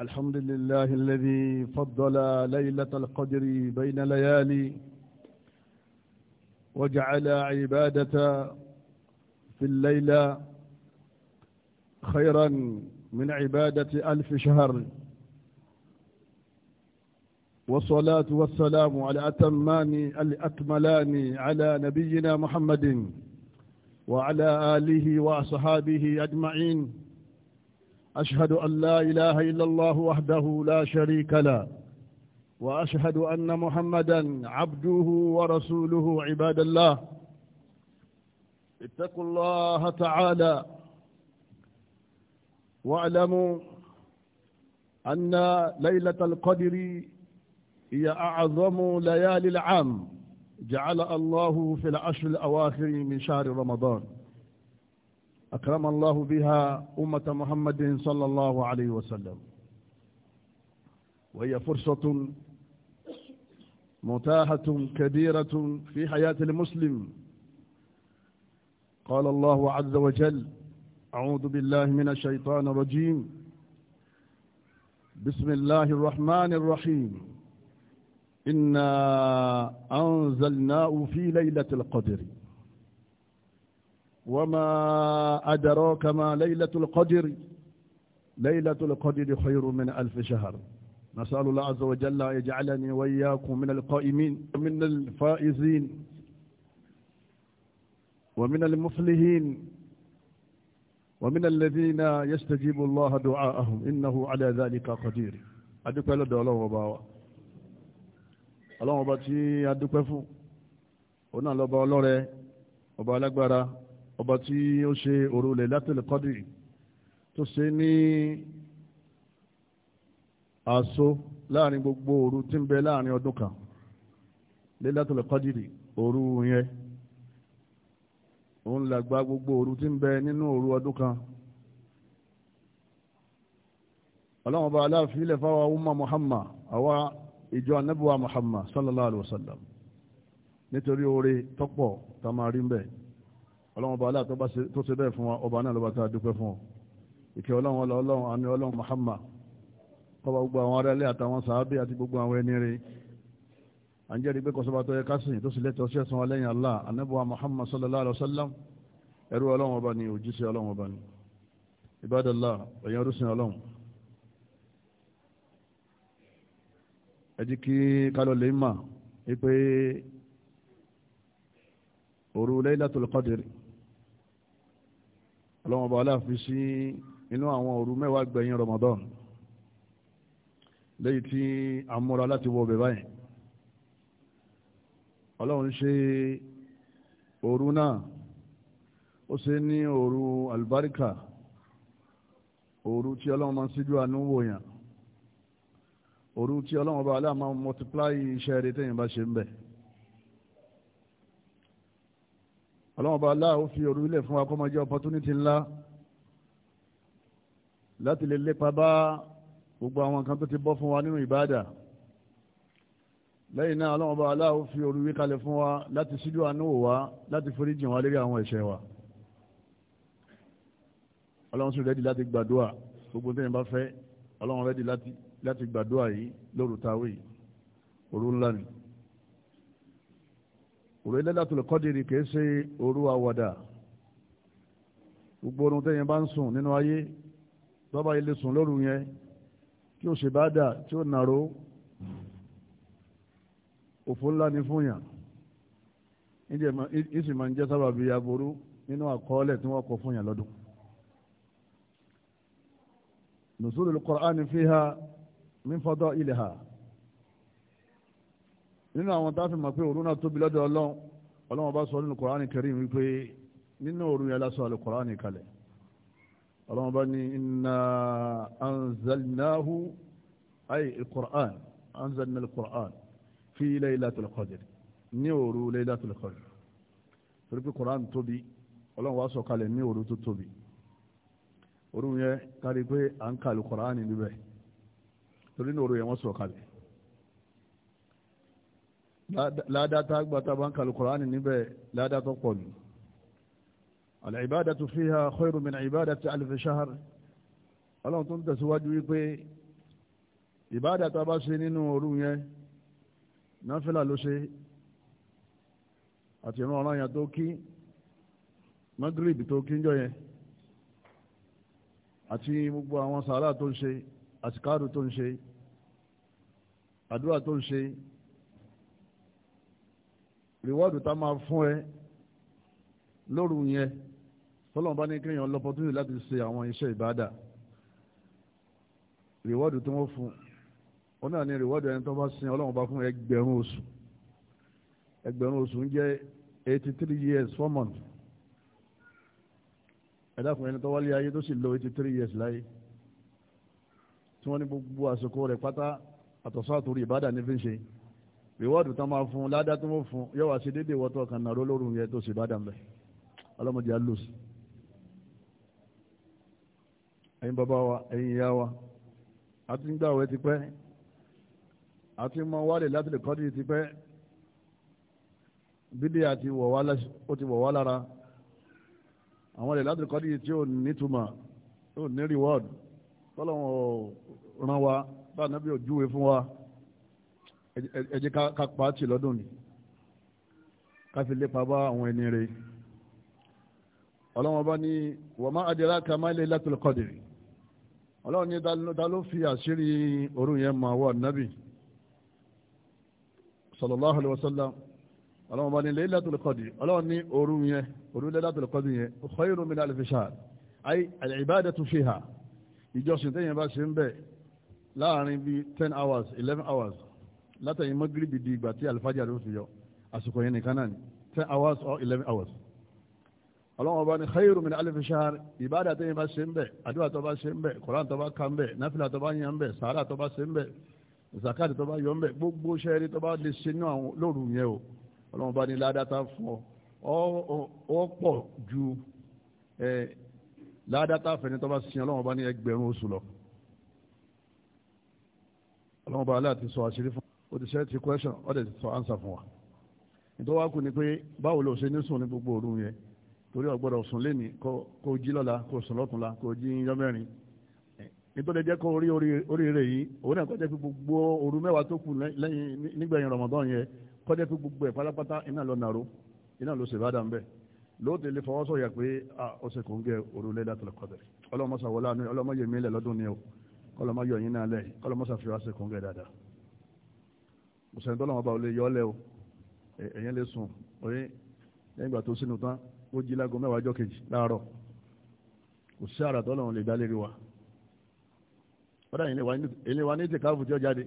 الحمد لله الذي فضل ليلة القدر بين ليالي وجعل عبادة في الليلة خيرا من عبادة ألف شهر والصلاة والسلام على أتمان الأكملان على نبينا محمد وعلى آله وأصحابه أجمعين أشهد أن لا إله إلا الله وحده لا شريك له وأشهد أن محمدا عبده ورسوله عباد الله اتقوا الله تعالى واعلموا أن ليلة القدر هي أعظم ليالي العام جعل الله في العشر الأواخر من شهر رمضان أكرم الله بها أمة محمد صلى الله عليه وسلم وهي فرصة متاحة كبيرة في حياة المسلم قال الله عز وجل أعوذ بالله من الشيطان الرجيم بسم الله الرحمن الرحيم إنا أنزلناه في ليلة القدر وما أدراك ما ليلة القدر ليلة القدر خير من ألف شهر نسأل الله عز وجل يجعلني وإياكم من القائمين ومن الفائزين ومن المفلحين ومن الذين يستجيب الله دعاءهم إنه على ذلك قدير أدوك لدى الله وباوة الله وباتي أدوك فو ونالبا الله وبالك برا ọba tí ó ṣe òru Lailatul Qadr tó ṣe ní àṣọ láàrin gbogbo òru tí ń bẹ láàrin ọdún kan Lailatul Qadr òru yẹn òun làgbà gbogbo òru tí ń bẹ nínú òru ọdún kan ọlọ́run ọba aláàfíìlẹ̀ fáwọn umma Muhammad àwa ìjọ anábùwà Muhammad sallallahu alaihi wasallam nítorí oore tọ́pọ̀ tá a máa rí ń bẹ́ẹ̀ ọlọ́run bá aláàtọ́ tó ṣe bẹ́ẹ̀ fún wa ọba náà lọ́ba tá a dúpẹ́ fún ọ ìkẹ́ ọlọ́run ọlọ́ ọlọ́run àní ọlọ́run Muhammad kọba gbogbo àwọn ará ilé àtàwọn sàábé àti gbogbo àwọn ẹni rẹ̀ à ń jẹ́rìí pé kọsọba tó yẹ kásìn tó sì lẹ́tọ̀ọ́ sí ẹ̀sán alẹ́yìn ẹjí kí kálọ̀ lè mà wípé òru Laylatul Qadr ọlọ́wọ́n bá aláàfi sí inú àwọn òru mẹ́wàá gbẹ̀yìn Ramadan lẹ́yìn tí a múra láti wọ bẹ̀ báyìí ọlọ́run ṣe òru náà ó ṣe ní òru albarika òru tí ọlọ́run máa ń síjú àánú wòyàn òru tí ọlọ́run bá aláàmà multiply iṣẹ́ rẹ̀ tẹ́yìn bá ṣe ń bẹ̀ ọlọ́wọ́n bá aláà ó fi òru ilẹ̀ fún wa kó máa jẹ́ opportunity ńlá láti lè lépa bá gbogbo àwọn nǹkan tó ti bọ́ fún wa nínú ìbáàdà lẹ́yìn náà ọlọ́wọ́n aláà ó fi òru wí fún wa láti ṣíjú àánú wa láti foríjìn wa lérí àwọn ẹ̀ṣẹ̀ wa ọlọ́wọ́n sì rẹ́dí láti gbàdúrà gbogbo tẹ́yìn bá fẹ́ ọlọ́wọ́n rẹ́dí láti gbàdúrà yìí lóru táwé yìí òru ńlá ni òru Lailatul Qadri kìí ṣe òru àwàdà gbogbo orun tẹ́yìn bá ń sùn nínú ayé tọ́ba ilé sùn lóru yẹn tí ó bá dà tí ó nàró òfò ńlá ni fún yàn ìsì máa ń jẹ́ sábàbí aburú nínú àkọọ́lẹ̀ tí wọ́n kọ fún yàn lọ́dún. nùsùlù Qur'ani fiha min fadailaha nínú àwọn tá a fi mọ̀ pé òru náà tóbi lọ́dọ̀ ọlọ́run ọlọ́run bá sọ nínú kọ́ránì Karim wípé nínú òru yẹn lásán àlè kọ́ránì kalẹ̀ ọlọ́run bá ní inna anzalnahu ayé al-Qur'an anzalna al-Qur'an fi laylatil qadr ní òru laylatil qadr torí pé kọ́ránì tóbi ọlọ́run wá sọ kalẹ̀ ní òru tó tóbi òru yẹn kárí pé à ń kàlù kọ́ránì níbẹ̀ torí ní òru yẹn wọ́n sọ kalẹ̀ ládátá gbàtà bá ń kàlù kùránì níbẹ̀ ládátọ́ pọ̀ ní al-ibadatu fiha khairu min ibadati alf shahr ọlọ́run tó ń tẹ̀síwájú wípé ìbádà tá a bá ṣe nínú òru yẹn náfìlà ló ṣe àti ìran ọ̀ràn yẹn tó kí magrib tó kí jọ yẹn àti gbogbo àwọn sàárà tó ń ṣe àsìkáàrù tó ń ṣe àdúrà tó ń ṣe rìwọ́ọ̀dù tá máa fún ẹ lóru yẹn tọ́lọ́mọba ní kéèyàn lọ́pọ̀túnì láti ṣe àwọn iṣẹ́ ìbáadà rìwọ́ọ̀dù tí wọ́n fún wọn náà ní rìwọ́ọ̀dù ẹni tó bá sin ọlọ́mọba fún ẹgbẹ̀rún oṣù ẹgbẹ̀rún oṣù ń jẹ́ eighty three years four months ẹ̀dàkùn ẹni tó wálé ayé tó sì lò eighty three years láyé tí wọ́n ní gbogbo àsìkò rẹ̀ pátá àtọ̀sọ́ àtòrí ìbáadà ní fi ń ṣe yìí reward tán máa fún ládá tó mọ́ fún yóò wá sí dédé wọ́tọ̀ kan nàró lórun yẹ tó sì bá dàmbẹ̀ ọlọ́mọdé alóòsì ẹ̀yin bàbá wa ẹ̀yin ìyá wa a ti ń gbàwẹ̀ ti pẹ́ a ti mọ wálé láti lè kọ́dí ti pẹ́ bídí àti ó ti wọ̀ wá lára àwọn ilẹ̀ láti lè kọ́dí tí ò nítumọ̀ tí ní reward tọ́lọ́wọ̀n ràn wá bá nàbí ò fún wa ẹ jẹ́ ká pàátì lọ́dún ni ká fi lépa bá àwọn ẹni rẹ̀ ọlọ́wọ́n bá ní wa ma adraka ma laylatul qadri ọlọ́wọ́n ní ta ló fi àṣírí òru yẹn máa wọ nábì sallallahu alaihi wasallam ọlọ́wọ́n bá ní laylatul qadri ọlọ́wọ́n ní òru yẹn òru laylatul qadri yẹn khayrun min alfi shahr ay al-ibadatu fiha ìjọsìn tẹ́yìn bá ṣe ń bẹ̀ láàrin bíi ten hours eleven hours látẹ̀yìn mọ́gìrìbì di ìgbà tí àlùfájà ló fi yọ àsìkò yẹn nìkan náà ni ten hours or eleven hours ọlọ́wọ́n ọba ní khayru min alif shahr ìbáàdà tó yẹn bá ṣe ń bẹ̀ àdúrà tó bá ṣe ń bẹ̀ koran tó bá ka ń bẹ̀ náfìlà tó bá yan ń bẹ̀ sàárà tó bá ṣe ń bẹ̀ zakati tó bá yọ ń bẹ̀ gbogbo sẹ́ẹ̀rí tó bá lè ṣe ní àwọn lóru yẹn o ọlọ́wọ́n ọba ní ládàtà fún ọ ọ pọ̀ ju ládàtà fẹ̀ni tó bá sin ọlọ́wọ́n ọba ní ẹgbẹ̀rún oṣù lọ ọlọ́wọ́n ọba aláàtì sọ àṣírí fún o ti ṣe question ọ dẹ̀ ti sọ answer fún wa nítorí wàá kú ni pé báwo ló ṣe ní sùn ní gbogbo òru yẹn torí o gbọ́dọ̀ sùn lẹ́ni kó jí lọ́la kó sùn lọ́tùnla kó jí yọ́mẹ́rin nítorí jẹ́ kó orí oríire yìí òun náà kọjá pé gbogbo òru mẹ́wàá tó kù lẹ́yìn nígbẹ̀yìn Ramadan yẹn kọjá pé gbogbo ẹ̀ pátápátá iná lọ nàró iná ló ṣe ìbádà ń bẹ̀ lóòótọ́ ilé fọwọ́ sọ̀yà pé ó ṣe kò ń gẹ òru Laylatul Qadr ọlọ́mọṣà wọlé ọlọ́mọ yẹmí lẹ̀ lọ́dún mùsùlùmí tọ́lọ́wọ́n bá olè yọ́lẹ̀ o ẹ̀yẹn lè sùn orí lẹ́yìn ìgbà tó sínú tán ó jí lágo mẹ́wàá ọjọ́ kejì láàárọ̀ kò sí àrà tọ́lọ́wọ́n lè dá lérí wa wọ́n dà ilé wa ní ti káàfù tí ó jáde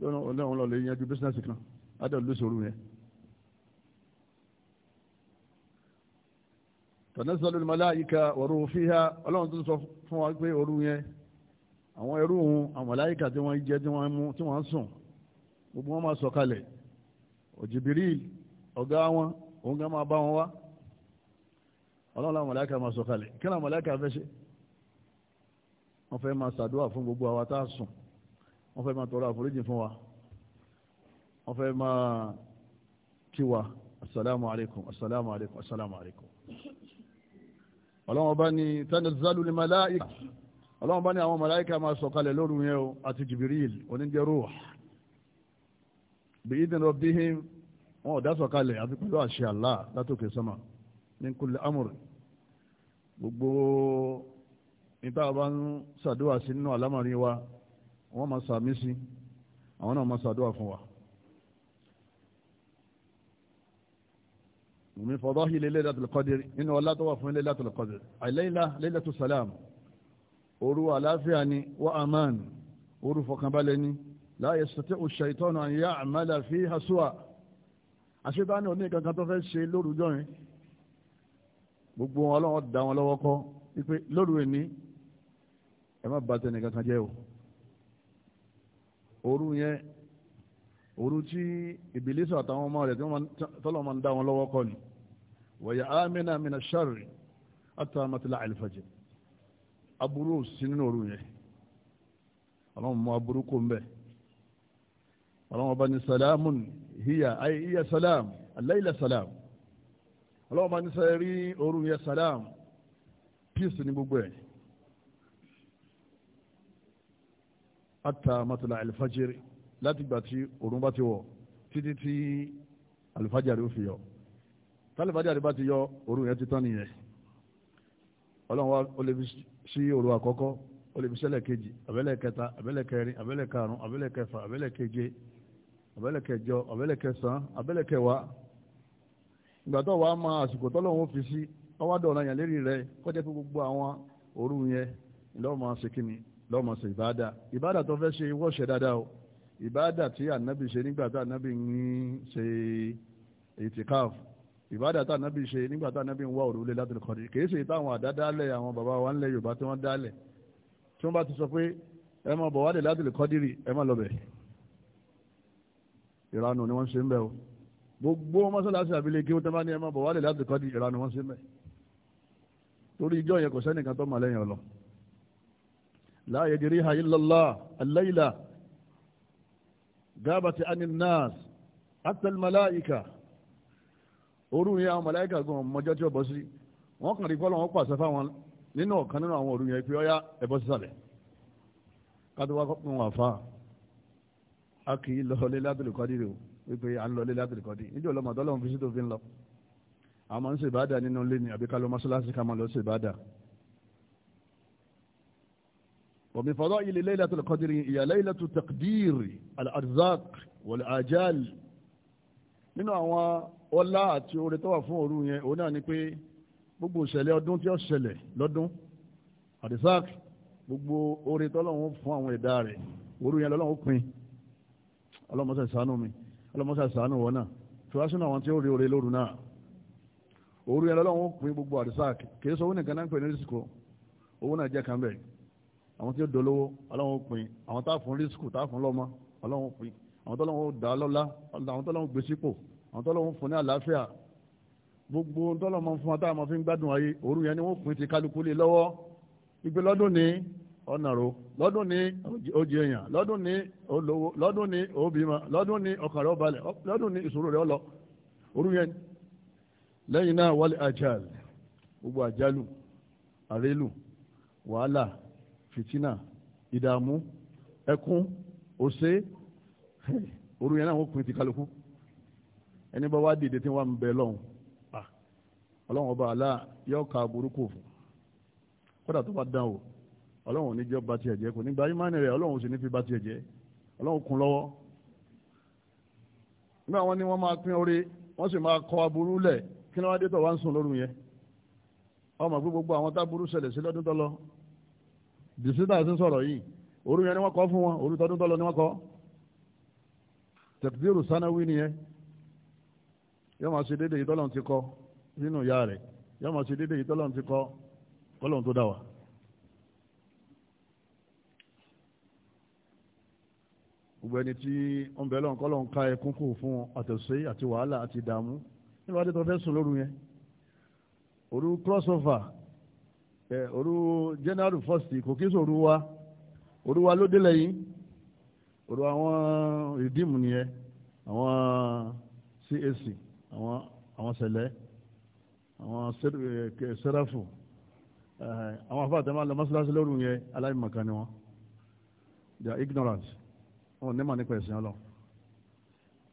lọ́wọ́n lọ lè yanjú bísínẹ́sì kan adé olùsòrò yẹn. tọ̀nẹ́sọ̀lù màláíkà ọ̀rọ̀ fíhá ọlọ́run tó sọ fún wa pé òru yẹn àwọn ẹrú òun àwọn màláíkà tí wọ́n jẹ́ tí wọ́n mú tí wọ́n sùn gbogbo wọn máa sọ̀kalẹ̀ òjìbìrìl ọ̀gá wọn òun gan máa bá wọn wá ọlọ́run làwọn màláíkà máa sọ̀kalẹ̀ kí làwọn màláíkà fẹ́ ṣe wọ́n fẹ́ máa ṣàdúrà fún gbogbo àwa tá a sùn wọ́n fẹ́ máa tọrọ àforíjì fún wa wọ́n fẹ́ máa kí wa asalaamu alaykum asalaamu alaykum asalaamu alaykum ọlọ́run bá ní tanazzalu lil màláíkà ọlọ́run bá ní àwọn màláíkà máa sọ̀kalẹ̀ lóru yẹn o àti jìbìrìl oníjẹ́ rúwà bíi ìdìnnà bí i wọn ò dásọ̀ kalẹ̀ àti pẹ̀lú àṣẹ Allah látòkè sọ́mà ní kulli amr gbogbo níta bá ń ṣàdúrà sí nínú àlámọ̀rí wa wọ́n máa sàmí sí àwọn náà máa ṣàdúrà fún wa. min fadaahili laylatul qadr nínú ọlá tó wà fún laylatul qadr àìlẹ́yìnlá laylatu salam òru àlàáfíà ni wa aman òru fọkànbalẹ̀ ni. لا يستطيع الشيطان أن يعمل فيها سوء àṣetáni òní kankan tó fẹ́ ṣe lórúkọ yẹn gbogbo da wọn lọ́wọ́ ẹni ẹ má ba tẹnì kankan o Oru yẹn òru tí ìbílísì àtàwọn ọmọ rẹ̀ tọ́lọ̀ ni amina ọlọ́wọ́n bá ní salamun hiya ayé hiya salam aláìlẹ̀ salam ọlọ́wọ́n bá ní sẹ́yẹ rí òru yẹ salam peace ní gbogbo ẹ̀ ata matala alifajiri láti gbà tí òrùn bá ti wọ̀ títí tí alifajari ó fi yọ tálífàjari bá ti yọ òrùn yẹn ti tán nìyẹn ọlọ́run wa ó lè fi sí òru àkọ́kọ́ ó lè fi sẹ́lẹ̀ kejì àbẹ́lẹ̀ kẹta àbẹ́lẹ̀ kẹrin àbẹ́lẹ̀ karùn-ún àbẹ́lẹ̀ kẹfà àbẹ́lẹ̀ keje ọ̀bẹ́lẹ̀kẹjọ ọ̀bẹ́lẹ̀kẹsàn ọ̀bẹ́lẹ̀kẹwàá ìgbà wa wàá máa àsìkò tọ́lọ́hún fi sí ọwádọ̀ ọ̀nà yẹn lérí rẹ kọjá pé gbogbo àwọn òru yẹn lọ́mọ ṣe kíni lọ́mọ ṣe ìbáàdà ìbáàdà tó fẹ́ ṣe wọ́ṣẹ̀ dáadáa o ìbáàdà tí ànábì ṣe nígbà tá ànábì ń ṣe ìtìkáàfù ìbáàdà tá ànábì ṣe nígbà tá ànábì ń wá òrùlé láti lè kọ́ni kìí ṣe táwọn àdá dálẹ̀ àwọn bàbá wa ńlẹ̀ Yorùbá tí wọ́n dálẹ̀ tí wọ́n bá ti sọ pé ẹ máa bọ̀ wálé láti lè ẹ máa lọ bẹ̀ ìranù ni wọ́n ṣe ń bẹ̀ o gbogbo mọ́sálásí àbílẹ̀ kí wọ́n tẹ́ bá ní ẹmọ bọ̀ wálé láti kọ́ di ìranù wọ́n ṣe ń bẹ̀ torí ìjọ yẹn kò sẹ́nìkan tó mọ̀ lẹ́yìn ọ̀lọ́ la yajriha illallah al-layla gabati anin nas hatta al-malaika orú yẹn àwọn màláìkà gan mọjọ́ tí ó bọ́ sí wọ́n kàn rí kọ́ lọ́wọ́ pàṣẹ fáwọn nínú ọ̀kan nínú àwọn òru yẹn pé ọyá ẹ̀bọ́ sísàlẹ̀ kátó wá kọ́ pọ̀ a kì í lọ Laylatul Qadr o wípé à ń lọ Laylatul Qadr níjẹ́ ọlọ́mọdé ọlọ́run fi sí tó fi ń lọ àmọ́ ń ṣèbáàdà nínú ilé ni àbí ká lọ mọ́ṣáláṣí ká máa lọ ṣèbáàdà. wa min fadaili Laylatul Qadr hiya laylatu taqdiri al-arzaq wal-ajal nínú àwọn ọlá àti oore tó wà fún òru yẹn òun náà ni pé gbogbo ìṣẹ̀lẹ̀ ọdún tí ó ṣẹlẹ̀ lọ́dún àdìsáàkì gbogbo oore tọ́lọ́run fún àwọn ẹ̀dá rẹ̀ òru yẹn lọ́lọ́run pin ọlọ́mọsà sànú mi ọlọ́mọsà sànú wọn náà fìwásùn àwọn tí ó rí oore lóru náà òru yẹn lọ́wọ́ pín gbogbo àdìsáàk kìí sọ owó nìkan náà ń pè ní rìsíkò owó náà jẹ́ kan bẹ́ẹ̀ àwọn tí ó dolówó ọlọ́wọ́ pín àwọn tá fún rìsíkò tá fún lọ́mọ ọlọ́wọ́ pín àwọn tó lọ́wọ́ dá lọ́lá àwọn tó lọ́wọ́ gbé sípò àwọn tó lọ́wọ́ fún ní àlàáfíà gbogbo tọ́lọ́mọ fún wa táwọn fi ń gbádùn ayé òru yẹn ni wọ́n pín ti kálukú lé lọ́wọ́ ìgbélọ́dún ni ọ̀nàró lọ́dún ní ojì èèyàn lọ́dún ní olówó lọ́dún ní òbímọ lọ́dún ní ọkàn rẹ̀ balẹ̀ lọ́dún ní ìṣòro rẹ̀ ọlọ orú yẹn lẹ́yìn náà wálé àjàl gbogbo àjálù àrélù wàhálà fìtínà ìdààmú ẹkún òṣè orú yẹn náà wọ́n pin ti kálukú ẹni bá wá dìde tí wọ́n ń bẹ lọ́hùn ọlọ́run ọba àlá yọ̀ọ̀ka burúkú kódà tó bá dán o ọlọ́run ní jẹ́ ba tiẹ̀ jẹ́ kò ní gba ìmánì rẹ̀ ọlọ́run sì ní fi ba tiẹ̀ jẹ́ ọlọ́run kún lọ́wọ́ nígbà wọn ni wọ́n máa pín orí wọ́n sì máa kọ aburú lẹ̀ kí ni wọ́n dé tọ̀ wá ń sùn lóru yẹn ọmọ pé gbogbo àwọn táburú ṣẹlẹ̀ sí lọ́dún tọ́lọ dìsítà sí sọ̀rọ̀ yìí òru yẹn ni wọ́n kọ́ fún wọn òru tọdún tọ́lọ ni wọ́n kọ́ tẹ̀kídìrù sanáwí nìyẹn yọ máa ṣe déédéé ìtọ́lọ́run ti kọ nínú ìyá rẹ̀ yọ máa ṣe déédéé ìtọ́lọ́run ti kọ kọ́lọ́run tó dá wa. gbogbo ẹni tí ó ń bẹ lọ́nkọ́ lọ́n ka ẹkún kò fún àtẹ̀sẹ́ àti wàhálà àti ìdààmú nígbà tó tó fẹ́ sùn lóru yẹn òru crossover ẹ òru january first kò kí sòru wa oru wa ló délẹ̀ yìí òru àwọn rìdíìmù nìyẹn àwọn cac àwọn àwọn sẹlẹ àwọn sẹrafù àwọn afọ àtẹmọ́ àlọ́ mọ́sálásí lóru yẹn aláìmọ̀kan ni wọ́n they wọn ní mà nípa ẹ̀sìn ọlọ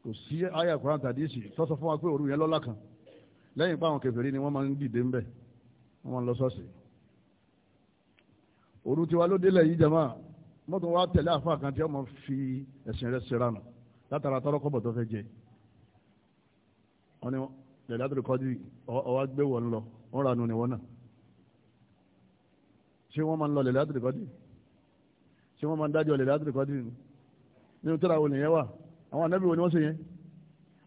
kò sí àyà Kùránì tàdísì tó sọ fún wa pé òru yẹn lọ́lá kan lẹ́yìn pé àwọn kèfèrí ni wọ́n máa ń dìde ńbẹ̀ wọ́n máa ń lọ sọ́ọ̀sì òru tiwa ló délẹ̀ yìí jama mọ́tò wa tẹ̀lé àfa kan tí wọ́n máa fi ẹ̀sìn rẹ̀ ṣe ránà látara tọ́rọ́kọ́bọ̀ tó fẹ́ jẹ wọ́n ní lẹ́dàdúró kọ́jú ọwá gbé wọn lọ wọ́n ranú ni wọ́n náà ṣé wọ́n máa ń lọ lẹ́dàdúró kọ́jú ṣé nínú tírà wo nìyẹn wà àwọn ànábì wo ni wọ́n ṣe yẹn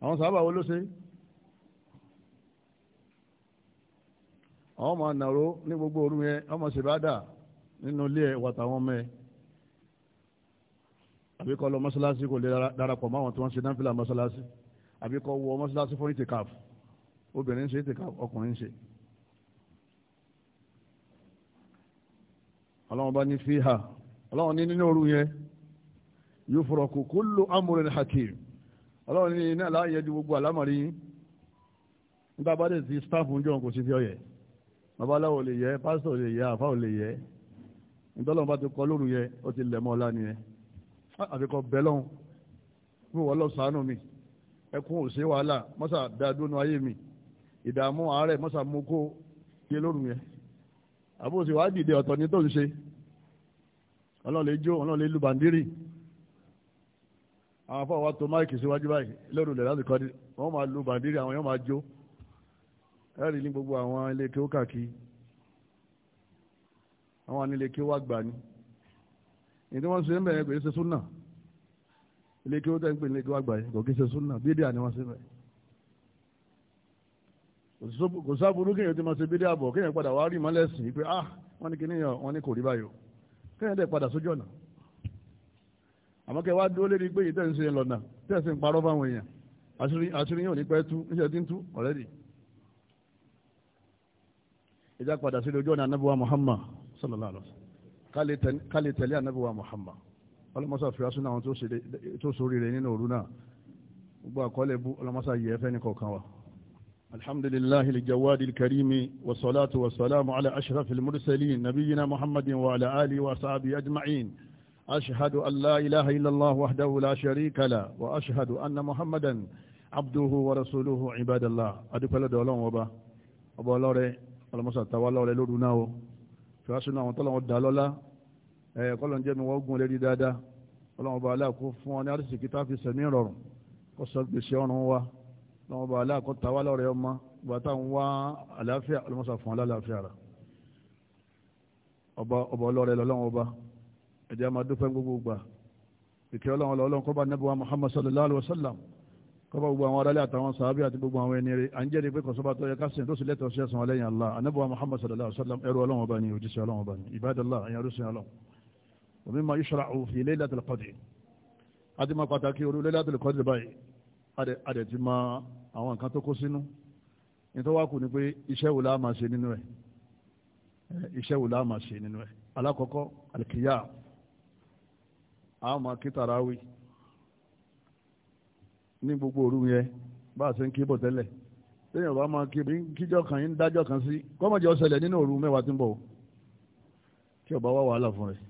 àwọn sàábà wo ló ṣe àwọn ọmọ ànàró ní gbogbo òru yẹn ọmọ ṣèbádà nínú ilé ẹ̀ wàtàwọn ọmọ ẹ̀ àbí kó lọ mọ́ṣáláṣí kò lè darapọ̀ mọ́ àwọn tí wọ́n ṣe náfìlà mọ́ṣáláṣí àbí kó wọ mọ́ṣáláṣí fún itikaf obìnrin ṣe itikaf ọkùnrin ṣe. ọlọ́run bá ní fíhà ọlọ́run ní nínú òru yẹn yufraku kullu amrin hakim ọlọ́run ní iná láàyè ju gbogbo àlámọ̀rí nígbà bá dé ti stáfù jọ kò sí fi ọyẹ babaláwo lè yẹ pásítọ̀ lè yẹ àfáà lè yẹ ìdọ́lọ́run bá ti kọ lóru yẹ ó ti lẹ̀ mọ́ ọlá nìyẹn ah, àfikọ́ bẹ́lọ́hún fún wọ́n lọ sàánú mi ẹkún òsè wàhálà mọ́sà dáadúnú ayé mi ìdààmú àárẹ̀ mọ́sà mú kó yé lóru yẹn àbúrò sì dìde ọ̀tọ̀ ní tó ń ṣe ọlọ́run lè bàndírì àwọn afọ wa tó máìkì síwájú báyìí lórí ilẹ̀ láti kọ́dí wọ́n máa lu bàndírí àwọn yóò máa jó ẹ̀rí ní gbogbo àwọn ilé kí ó kàkí àwọn ilé kí ó wá gbà ní ìdí wọ́n ṣe ń bẹ̀rẹ̀ pé ṣe súnà ilé kí ó tẹ́ ń pè ní ilé kí ó wá gbà yìí kò kí ṣe súnà bídíà ni wọ́n ṣe bẹ̀rẹ̀ kò sáburú kéèyàn ti máa ṣe bídíà bọ̀ kéèyàn padà wá rí ìmọ̀lẹ́sìn pé ah wọ́n ní kíníyàn wọ́n ní kò rí báyò kéèyàn dẹ̀ padà sójú ọ̀nà àmọ́ kẹ́ wá dúró lérí pé yìí tẹ̀ ń ṣe lọ́nà tẹ̀ ń ṣe ń parọ́ fáwọn èèyàn àṣírí yóò ní pẹ́ tú níṣẹ́ tí ń tú already. ìjà padà sí ojú ọ̀nà anábíwá Muhammad sallallahu alaihi wasallam ká lè tẹ̀lé anábíwá Muhammad ọlọ́mọsá fi asúnà àwọn tó sórí rẹ̀ nínú òru náà gbogbo àkọọ́lẹ̀ bú ọlọ́mọsá yẹ ẹ fẹ́ ní kọ̀ọ̀kan wa. الحمد لله الجواد الكريم والصلاة والسلام على أشرف المرسلين نبينا محمد وعلى آله وأصحابه أجمعين أشهد أن لا إله إلا الله وحده لا شريك له وأشهد أن محمدا عبده ورسوله عباد الله أدوك الله دولون وبا أبو الله ري المسا تولى وللودناه فأسنا وطلع الدالولا قلن جميع وقم لدي دادا ọlọ́run ọba aláàkó fún ọ ní àrísìkí tá a fi sẹ̀mí rọrùn kó sọ gbèsè ọrùn wa ọlọ́run ọba aláàkó ta wá lọ́rẹ̀ ọmọ ìgbà tá à ń wá àlàáfíà ọlọ́mọsà fún aláàfíà rà ọba ọlọ́rẹ̀ lọ́lọ́run ọba ẹ̀jẹ̀ máa dúpẹ́ gbogbo gbà ìkẹ́ ọlọ́run ọlọ́run kọ́ba nẹ́bùwá Muhammad sallallahu alayhi wa sallam kọ́ba gbogbo àwọn aráàlú àtàwọn sàábì àti gbogbo àwọn ẹni rẹ̀ à ń jẹ́rìí pé kọ́sọ́ba tó yẹ kásìn tó sì lẹ́tọ̀ọ́ sí ẹ̀sán ọlẹ́yìn Allah anẹ́bùwá Muhammad sallallahu alayhi wa sallam ẹrú ọlọ́run ọba ni òjíṣẹ́ ọlọ́run ọba ni ibadallah ẹ̀yàn rúṣin ọlọ́run omi ma ìṣọ́ra òfin ilé láti lọ́kọ́dì àti ma pàtàkì orú ilé láti lọ́kọ́dì báyìí adẹ̀ máa ṣe nínú àwọn ọmọ kí tàràwì ní gbogbo òru yẹn bá a ṣe ń kí bọ̀ tẹ́lẹ̀ lẹ́yìn ọba máa kí kíjọ́ kan yín dájọ́ kan sí kọ́mọ̀jẹ́ ọ̀sẹ̀lẹ̀ nínú òru mẹ́wàá tí ń bọ̀ kí ọba wá wàhálà fún rẹ̀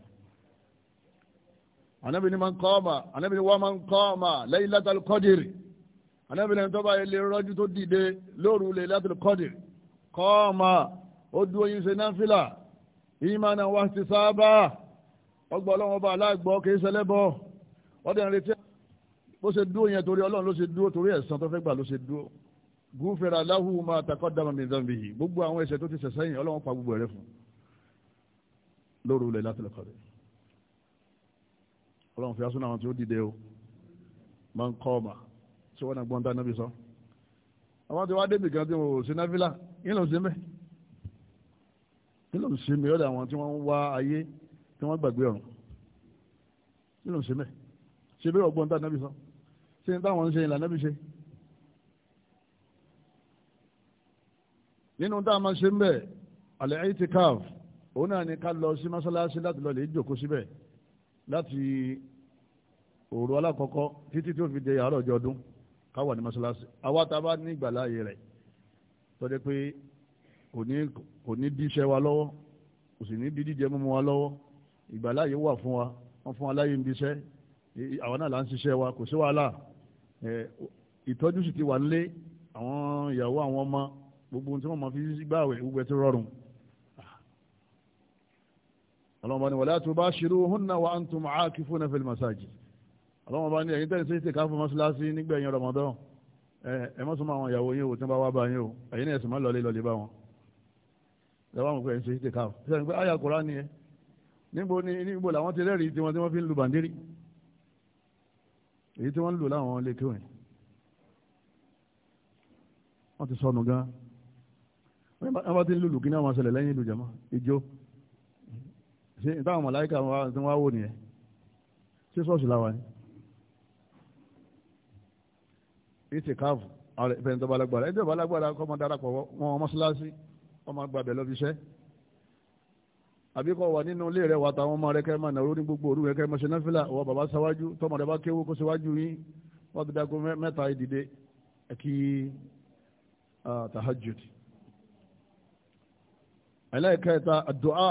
anabi ni man kọ́ọ̀mà anabi ni wọ́n man kọ́ọ̀mà lẹ́yìn látàlú kọ́dìrì anabi ni tọ́ba ilé rọ́jú tó dìde lóru lè látàlú kọ́dìrì kọ́ọ̀mà ó dúró yín ṣe náfìlà ìmánà wá ti sábà ọgbà ọlọ́run ọba aláàgbọ́ kìí ṣẹlẹ́bọ wọ́n dẹ̀ ń retí bó ṣe dúró yẹn torí ọlọ́run ló ṣe dúró torí ẹ̀san tó fẹ́ gbà ló ṣe dúró gúfèrè aláhùn máa takọ́ dàmà min dhanbihi gbogbo àwọn ẹ̀ṣẹ̀ tó ti ṣẹ̀ sẹ́yìn ọlọ́run pa gbogbo ẹ̀rẹ́ fún lóru ilẹ̀ láti lọ́kọ̀ rẹ̀ ọlọ́run fi asúnà àwọn tí ó dìde o máa ń kọ́ ọ̀mà tí wọ́n náà gbọ́n dáná bí sọ àwọn tí wọ́n á débi kan tí wọ́n ò sí náfìlà yín ló ń ṣe mẹ́ yín ló ń ṣe mẹ́ ọ̀dọ̀ àwọn tí wọ́n ń wá ayé kí wọ́n gbàgbé ọ̀run kí ló ń ṣe mẹ́ ṣe bí ọgbọ́n tá nábì sọ ṣe ní táwọn ń ṣe ìlànà nábì ṣe nínú tá a máa ṣe ń bẹ̀ àlẹ́ itikaf òun náà ni ká lọ sí mọ́sálásí láti lọ lè jókòó síbẹ̀ láti òru alákọ̀ọ́kọ́ títí tí ó fi dé àárọ̀ ọjọ́ ọdún ká wà ní mọ́sálásí àwa tá a bá ní ìgbàláyè rẹ̀ tọ́jú pé kò ní díṣẹ́ wa lọ́wọ́ kò sì ní dídíjẹ mímu wa lọ́wọ́ ìgbàláyé wà fún wa wọ́n fún wa láyé ń bíṣẹ́ àwọn náà là ń ṣiṣẹ́ wa kò sí wàhálà ìtọ́jú sì ti wà nílé àwọn ìyàwó àwọn ọmọ gbogbo tí wọ́n máa fi gbààwẹ̀ gbogbo ẹ̀ ti rọrùn. ọlọ́mọba ni wala tubashiruhunna wa antum aakifuna fil masajid ọlọ́mọba ni ẹ̀yin tẹ́lẹ̀ sí ti káfọ́ Ramadan ẹ má súnmọ́ àwọn ìyàwó yín o tí wọ́n bá wá bá yín o ẹ̀yin náà ẹ̀sìn má àwọn ọkùnrin ṣe níbo ni níbo làwọn ti rẹ́rìí tiwọn tí wọ́n fi ń lu bàndírí èyí tí wọ́n ń lò láwọn ilé kéwìn wọ́n ti sọnù gan wọ́n bá ti ń lùlù kí ní àwọn aṣẹlẹ̀ lẹ́yìn ìlú jama ìjó ṣe ìtàwọn màláìka tí wọ́n wò nìyẹn ṣé sọ́ọ̀ṣì làwọn ni ìtì káàfù àwọn ìfẹ̀yìntàn balagbara ẹ̀jẹ̀ balagbara kọ́ mọ darapọ̀ wọn mọ́ṣáláṣí wọ́n máa gbàbẹ̀ lọ́bi iṣẹ́ àbíkọ wà nínú ilé rẹ wà táwọn ọmọ rẹ kẹ máa nàró ní gbogbo òru rẹ kẹ máa ṣe náfìlà wọ bàbá sáwájú tọmọ rẹ bá kéwó kó síwájú yín wọn ti dáko mẹ́ta ìdìde kí tahajjud. ẹlẹ́ẹ̀kẹta àdúà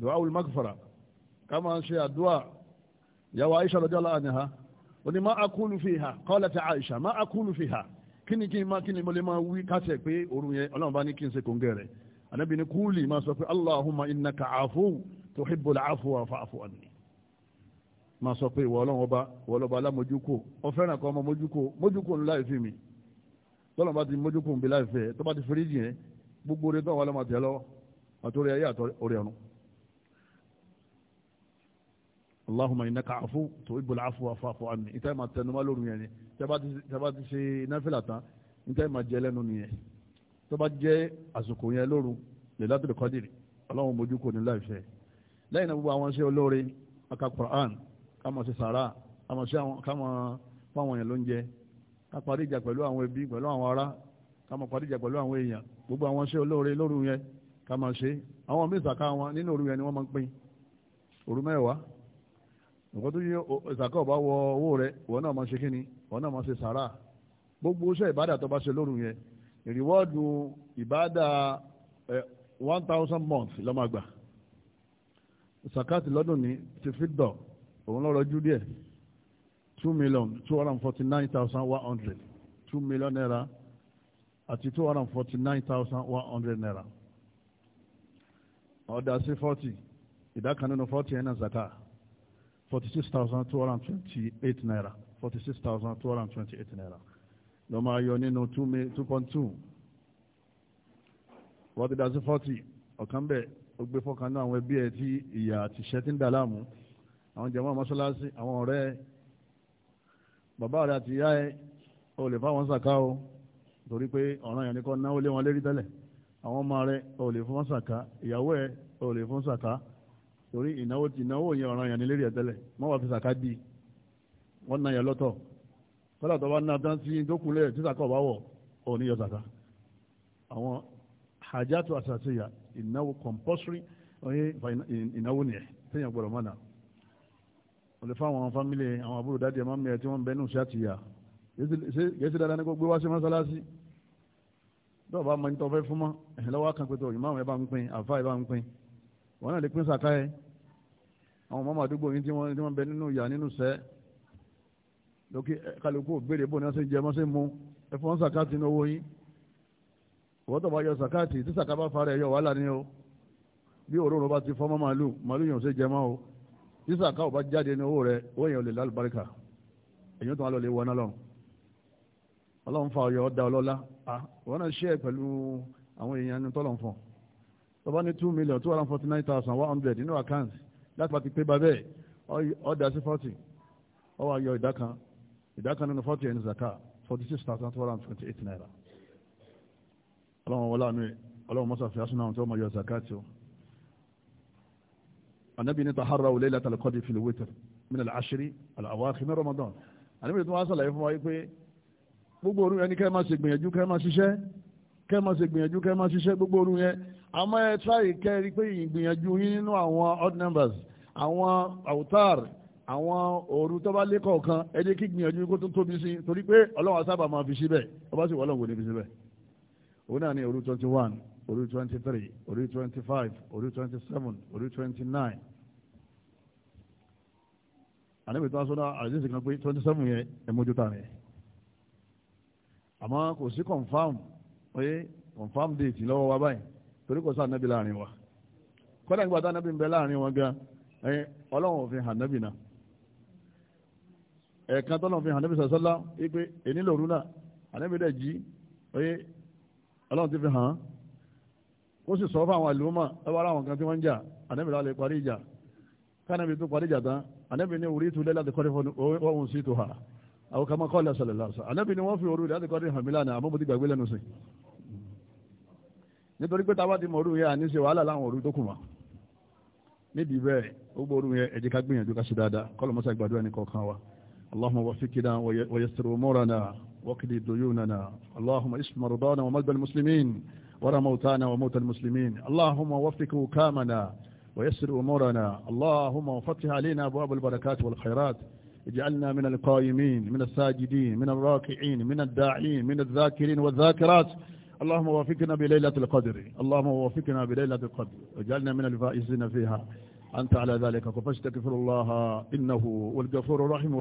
dùá olùmọ́kàfàrà ká máa ṣe àdúà ìyàwó Aisha radiyallahu anha ó ní má akúlù fi hà qalat Aisha má akúlù fi hà kí ni kí ni mo lè máa wí káṣẹ̀ pé òru yẹn ọlọ́run bá ní kí n ṣe kóńgẹ́ rẹ̀ ànábì ní kúlì máa sọ pé allahumma innaka afuw tuhibbul afwa fa'fu anni máa sọ pé ìwọ ọlọ́run ọba ìwọ ọlọ́ba alámojúkò ọ̀fẹ́ràn kan ọmọ mojúkò mojúkò ńlá ìfì mi tọ́lọ̀ bá ti mojúkò ń bi láìfẹ́ tó bá ti fèrè jìn gbogbo orí tó wà lọ́mọ tẹ́ lọ́wọ́ àtòrí ayé àtòrí ọ̀run. Allahumma innaka afu tuhibbul afwa fa'fu anni ìtẹ́ máa tẹnumọ́ lóru yẹn ni tẹ́ bá ti ṣe náfìlà tán ìtẹ́ máa jẹ lẹ́nu nìyẹn tó bá jẹ́ àsìkò yẹn lóru lè látòlù kọ́dìrì ọlọ́run mojú kò ní láìfẹ́ lẹ́yìn náà gbogbo àwọn iṣẹ́ olóore aka Quran ká máa ṣe sàrà ká máa ṣe ká máa fáwọn èèyàn lóúnjẹ ká parí ìjà pẹ̀lú àwọn ẹbí pẹ̀lú àwọn ará ká máa parí ìjà pẹ̀lú àwọn èèyàn gbogbo àwọn iṣẹ́ olóore lóru yẹn ká máa ṣe àwọn míì sàká wọn nínú òru yẹn ni wọ́n máa ń pín òru mẹ́wàá nǹkan tó yẹ ìsàkọ́ ọba wọ owó rẹ ìwọ náà máa ṣe kíni ìwọ náà máa ṣe sàrà gbogbo iṣẹ́ ìbádà tó bá ṣe lóru yẹn ìrìwọ́ọ̀dù ìbáàdà eh, one thousand months lọ́màgbà sàkáàtì lọ́dún ní ti fídọ̀ òun lọ́rọ̀ jù díẹ̀ two million two hundred and forty nine thousand one hundred two million naira àti two hundred and forty nine thousand one hundred naira ọ̀dà sí forty ìdá kan nínú forty ẹ̀ náà zaka forty six thousand two hundred and twenty eight naira forty six thousand two hundred and twenty eight naira lọ máa yọ nínú 2.2 wọ́n ti dá sí 40 ọ̀kan bẹ̀ ó gbé fọ́kan náà àwọn ẹbí ẹ̀ tí ìyà àti iṣẹ́ ti ń dà láàmú àwọn jẹ̀mọ́ mọ́ṣáláṣí àwọn ọ̀rẹ́ ẹ̀ bàbá rẹ̀ àti ìyá ẹ̀ ó lè fáwọn sàká o torí pé ọ̀ràn yẹn ni kò náwó lé wọn lérí tẹ́lẹ̀ àwọn ọmọ rẹ̀ ó lè fún sàká ìyàwó ẹ̀ ó lè fún sàká torí ìnáwó ti ìnáwó yẹn ọ̀ràn yẹn lérí ẹ̀ tẹ́lẹ̀ mọ́ wàá fi sàká di wọ́n náà yẹn lọ́tọ̀ kọ́lá tó bá ná tán tí dókúnlẹ̀ títà kọ̀ bá wọ̀ òní yọ sàkà àwọn hajjatu asasiya ìnáwó compulsory oye ìnáwó nìyẹn téèyàn gbọ́dọ̀ mọ́nà olè fáwọn fámílì àwọn àbúrò dáadé máa ń mẹ́ẹ̀ tí wọ́n ń bẹ́ẹ̀ nù sí àtìyà yẹ́sì dáadáa ní kó gbé wá sí mọ́sálásí dọ́ọ̀bá mọ ní tọ́fẹ́ fún mọ́ ẹ̀hìn lọ́wọ́ kan pé ẹ̀ bá ń pín àfa ẹ̀ bá ń pín wọn náà lè pín sàkà àwọn mọ́mọ́ àdúgbò yìí tí wọ́n bẹ nínú ìyà nínú sẹ́ẹ́ lókè kálukú ògbére bò ní wọ́n ṣe ń jẹ wọ́n ṣe ń mu ẹ fún wọn sàkáàtì ní owó yín ìwọ́n tó bá yọ sàkáàtì tí sàkáà bá fara ẹ̀ yọ wàhálà ni o bí òróró bá ti fọ́ mọ́ màálù màálù yẹn ò ṣe jẹ mọ́ o tí sàkáà ò bá jáde ní owó rẹ owó yẹn ò lè lálùbáríkà èyí tó wà lọ lè wọ náà lọ ọlọ́run fa ọyọ ọ̀dà ọlọ́lá wọn náà ṣe é àwọn èèyàn ní tọ́lọ̀ fún tó ní two million two hundred forty nine thousand one hundred nínú àkáǹtì láti pàtí pé bàbẹ́ ọ̀dà sí forty ọwọ́ ayọ̀ ìdá kan إذا كان fọ́tì ẹni zaka forty six thousand two hundred and twenty eight naira ọlọ́run wọlé àánú ọlọ́run mọ́sá fi asúná àwọn tí wọ́n máa yọ zaka tí ó anabi ní tahara wòlé ilẹ̀ àtàlẹ́kọ́dì fil witr min al-ashri al-awakhir min ramadan anabi tí wọ́n á sàlàyé fún wa pé gbogbo orun yẹn ni kẹ́ máa ṣe gbìyànjú kẹ́ máa ṣiṣẹ́ kẹ́ máa ṣe gbìyànjú kẹ́ máa ṣiṣẹ́ gbogbo orun yẹn àmọ́ ẹ tíráyì kẹ́ ẹ rí pé ìgbìyànjú yín nínú àwọn odd numbers àwọn awtar àwọn òru tó bá lé kọ̀ọ̀kan ẹ jẹ́ kí gbìyànjú kó tó tóbi sí torí pé ọlọ́run sábà máa fi sí bẹ́ẹ̀ ọba sì wọ́n lọ́wọ́ níbi síbẹ̀ òun náà ní òru twenty one òru twenty three òru twenty five òru twenty seven òru twenty nine ànábì tó aṣọ́nà àdéhùn kan pé twenty seven yẹn ẹ mójútó rẹ̀ àmọ́ kò sí confam oye confam date lọ́wọ́ wa báyìí torí kò sí ànábì láàrin wa kọ́dà nígbà tá ànábì ń bẹ láàrin wọn gan ọlọ́run òfin ànábì náà ẹ̀ẹ̀kan tọ́lọ̀ fi hàn níbi sọ̀sọ́lá wípé èní lòrú náà àníbi dẹ̀ jí oyé ọlọ́run ti fi hàn án ó sì sọ fáwọn àlùmọ́ ẹwà ara àwọn kan tí wọ́n ń jà àníbi lálẹ́ parí ìjà kánàbí tó parí ìjà tán àníbi ní orí ìtúlẹ̀ láti kọ́rí fún ohun sí tòhà àwọn kan máa kọ́ lẹ́sọ̀lẹ̀ lásán àníbi ni wọ́n fi orú láti kọ́rí hàn mí lánàá àmọ́ mo ti gbàgbé lẹ́nu sí nítorí pé táwa ti mọ yẹn àní اللهم وفقنا ويسر أمورنا وقد ديوننا اللهم اشف مرضانا ومرضى المسلمين ورى موتانا وموتى المسلمين اللهم وفق وكامنا ويسر أمورنا اللهم وفتح علينا أبواب البركات والخيرات اجعلنا من القائمين من الساجدين من الراكعين من الداعين من الذاكرين والذاكرات اللهم وفقنا بليلة القدر اللهم وفقنا بليلة القدر واجعلنا من الفائزين فيها أنت على ذلك فاستغفر الله إنه والغفور الرحيم